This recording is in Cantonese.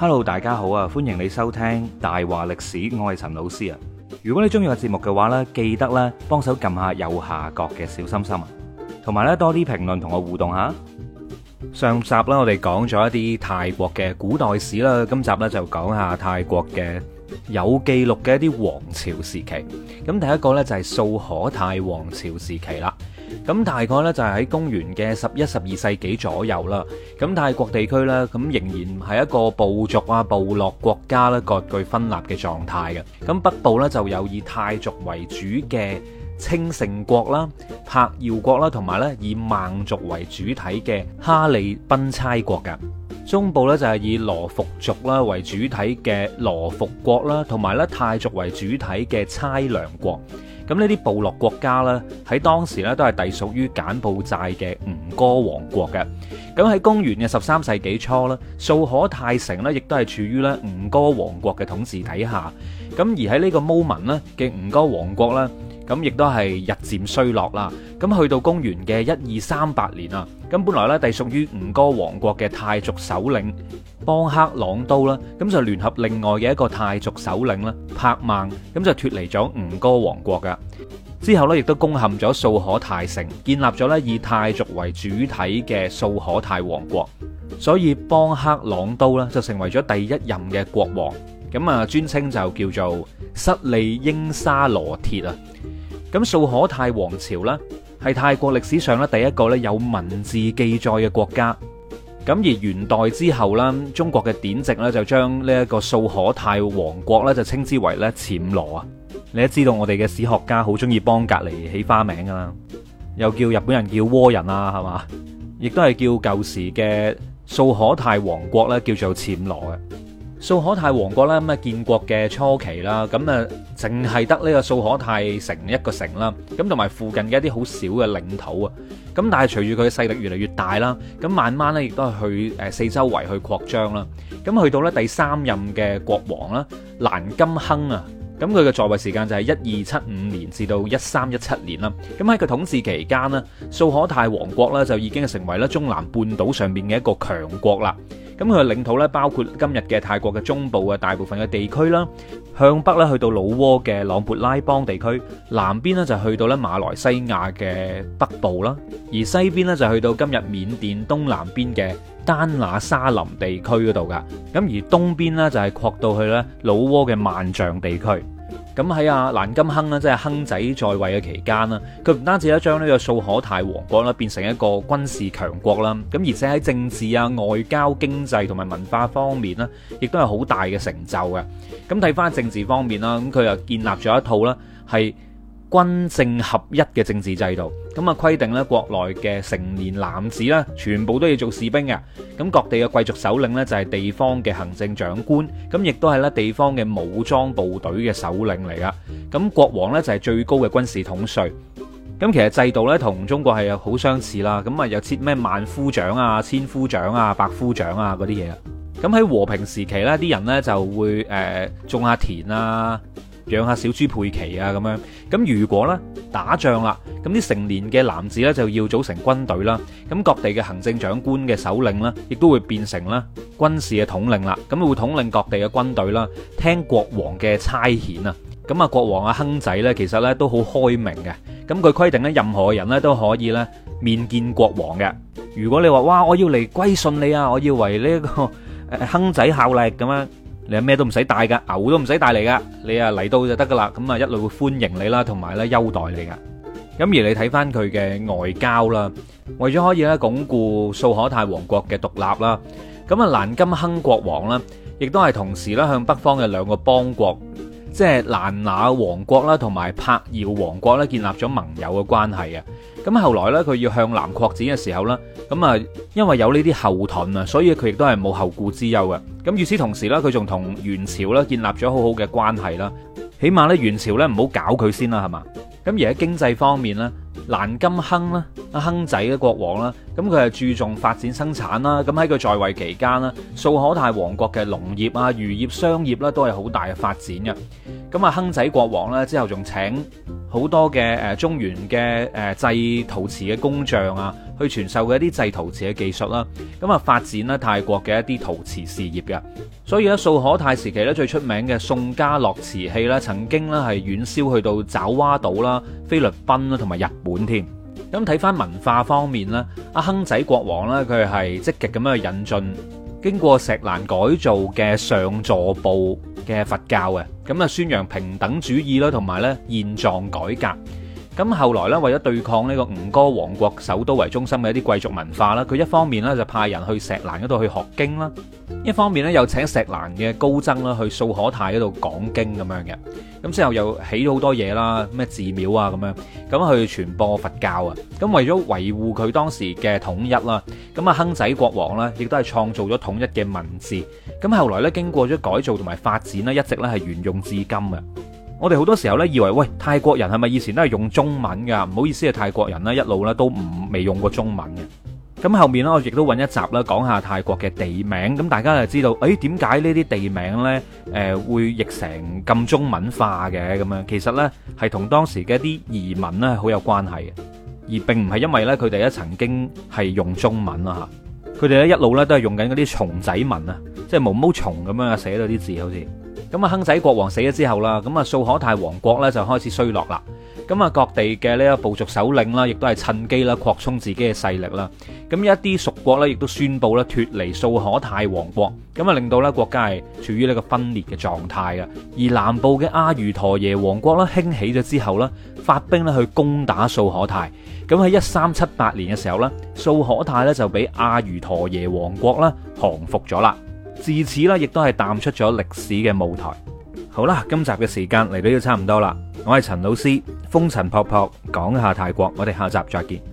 Hello，大家好啊！歡迎你收聽大話歷史，我係陳老師啊。如果你中意我節目嘅話呢，記得咧幫手撳下右下角嘅小心心啊，同埋呢多啲評論同我互動下。上集啦，我哋講咗一啲泰國嘅古代史啦，今集呢就講下泰國嘅有記錄嘅一啲王朝時期。咁第一個呢，就係素可泰王朝時期啦。咁大概咧就係喺公元嘅十一、十二世紀左右啦。咁泰國地區咧，咁仍然係一個部族啊、部落國家啦，割據分立嘅狀態嘅。咁北部咧就有以泰族為主嘅清盛國啦、柏耀國啦，同埋咧以孟族為主體嘅哈利賓差國㗎。中部咧就係以羅服族啦為主體嘅羅服國啦，同埋咧泰族為主體嘅差良國。咁呢啲部落國家呢，喺當時呢都係隸屬於柬埔寨嘅吳哥王國嘅。咁喺公元嘅十三世紀初咧，素可泰城呢亦都係處於咧吳哥王國嘅統治底下。咁而喺呢個 moment 呢嘅吳哥王國呢。咁亦都係日漸衰落啦。咁去到公元嘅一二三八年啊，咁本來咧，地屬於吳哥王國嘅泰族首領邦克朗都啦，咁就聯合另外嘅一個泰族首領咧，帕孟，咁就脫離咗吳哥王國噶。之後咧，亦都攻陷咗素可泰城，建立咗咧以泰族為主體嘅素可泰王國。所以邦克朗都咧就成為咗第一任嘅國王，咁啊專稱就叫做失利英沙羅鐵啊。咁素可泰王朝啦，係泰國歷史上咧第一個咧有文字記載嘅國家。咁而元代之後啦，中國嘅典籍咧就將呢一個素可泰王國咧就稱之為咧暹羅啊。你都知道我哋嘅史學家好中意幫隔籬起花名噶啦，又叫日本人叫倭人啊，係嘛？亦都係叫舊時嘅素可泰王國咧叫做暹羅嘅。素可泰王國啦，咁啊建國嘅初期啦，咁啊淨係得呢個素可泰城一個城啦，咁同埋附近嘅一啲好少嘅領土啊，咁但係隨住佢嘅勢力越嚟越大啦，咁慢慢咧亦都係去誒四周圍去擴張啦，咁去到咧第三任嘅國王啦蘭金亨啊，咁佢嘅在位時間就係一二七五年至到一三一七年啦，咁喺佢統治期間咧，素可泰王國啦就已經成為啦中南半島上面嘅一個強國啦。咁佢嘅領土咧，包括今日嘅泰國嘅中部嘅大部分嘅地區啦，向北咧去到老撾嘅朗勃拉邦地區，南邊咧就去到咧馬來西亞嘅北部啦，而西邊咧就去到今日緬甸東南邊嘅丹那沙林地區嗰度噶，咁而東邊咧就係擴到去咧老撾嘅萬象地區。咁喺阿蘭金亨呢，即係亨仔在位嘅期間啦，佢唔單止一將呢個素可泰王國啦變成一個軍事強國啦，咁而且喺政治啊、外交、經濟同埋文化方面呢，亦都係好大嘅成就嘅。咁睇翻政治方面啦，咁佢又建立咗一套啦，係。軍政合一嘅政治制度，咁啊規定咧國內嘅成年男子啦，全部都要做士兵嘅。咁各地嘅貴族首領呢，就係、是、地方嘅行政長官，咁亦都係咧地方嘅武裝部隊嘅首領嚟噶。咁國王呢，就係、是、最高嘅軍事統帥。咁其實制度呢，同中國係好相似啦。咁啊又設咩萬夫長啊、千夫長啊、百夫長啊嗰啲嘢啊。咁喺和平時期呢，啲人呢就會誒、呃、種下田啊。養下小豬佩奇啊咁樣，咁如果咧打仗啦，咁啲成年嘅男子咧就要組成軍隊啦，咁各地嘅行政長官嘅首領咧，亦都會變成啦軍事嘅統領啦，咁會統領各地嘅軍隊啦，聽國王嘅差遣啊，咁啊國王阿亨仔咧，其實咧都好開明嘅，咁佢規定咧任何人咧都可以咧面見國王嘅，如果你話哇我要嚟歸順你啊，我要為呢個誒亨仔效力咁樣。你咩都唔使帶噶，牛都唔使帶嚟噶，你啊嚟到就得噶啦，咁啊一路會歡迎你啦，同埋咧優待你噶。咁而你睇翻佢嘅外交啦，為咗可以咧鞏固素可泰王國嘅獨立啦，咁啊蘭金亨國王咧，亦都係同時咧向北方嘅兩個邦國。即係蘭那王國啦，同埋柏姚王國咧建立咗盟友嘅關係啊！咁後來咧，佢要向南擴展嘅時候呢，咁啊，因為有呢啲後盾啊，所以佢亦都係冇後顧之憂嘅。咁與此同時呢，佢仲同元朝咧建立咗好好嘅關係啦，起碼咧元朝咧唔好搞佢先啦，係嘛？咁而喺經濟方面呢。蘭金亨啦，阿亨仔嘅國王啦，咁佢係注重發展生產啦，咁喺佢在位期間啦，素可泰王國嘅農業啊、漁業、商業啦，都係好大嘅發展嘅。咁啊，亨仔國王呢，之後仲請好多嘅誒中原嘅誒製陶瓷嘅工匠啊。去傳授嘅一啲製陶瓷嘅技術啦，咁啊，發展啦泰國嘅一啲陶瓷事業嘅，所以咧素可泰時期咧最出名嘅宋家樂瓷器咧，曾經咧係遠銷去到爪哇島啦、菲律賓啦同埋日本添。咁睇返文化方面咧，阿亨仔國王咧佢係積極咁樣去引進經過錫蘭改造嘅上座部嘅佛教嘅，咁啊宣揚平等主義啦，同埋咧現狀改革。咁後來咧，為咗對抗呢個吳哥王國首都為中心嘅一啲貴族文化啦，佢一方面咧就派人去錫蘭嗰度去學經啦，一方面咧又請錫蘭嘅高僧啦去素可泰嗰度講經咁樣嘅。咁之後又起咗好多嘢啦，咩寺廟啊咁樣，咁去傳播佛教啊。咁為咗維護佢當時嘅統一啦，咁啊亨仔國王呢亦都係創造咗統一嘅文字。咁後來咧經過咗改造同埋發展啦，一直咧係沿用至今嘅。我哋好多時候咧，以為喂泰國人係咪以前都係用中文噶？唔好意思啊，泰國人咧一路咧都唔未用過中文嘅。咁後面咧，我亦都揾一集咧講下泰國嘅地名，咁大家就知道，誒點解呢啲地名呢誒會譯成咁中文化嘅咁樣？其實呢係同當時嘅一啲移民呢好有關係嘅，而並唔係因為呢，佢哋咧曾經係用中文啊。佢哋咧一路呢都係用緊嗰啲蟲仔文啊，即係毛毛蟲咁樣啊寫咗啲字好似。咁啊，亨仔國王死咗之後啦，咁啊，素可泰王國咧就開始衰落啦。咁啊，各地嘅呢個部族首領啦，亦都係趁機啦擴充自己嘅勢力啦。咁一啲屬國呢，亦都宣佈咧脫離素可泰王國，咁啊，令到咧國家係處於呢個分裂嘅狀態啊。而南部嘅阿如陀耶王國咧興起咗之後呢，發兵咧去攻打素可泰。咁喺一三七八年嘅時候呢，素可泰呢，就俾阿如陀耶王國啦降服咗啦。自此啦，亦都係淡出咗歷史嘅舞台。好啦，今集嘅時間嚟到都差唔多啦，我係陳老師，風塵僕僕講下泰國，我哋下集再見。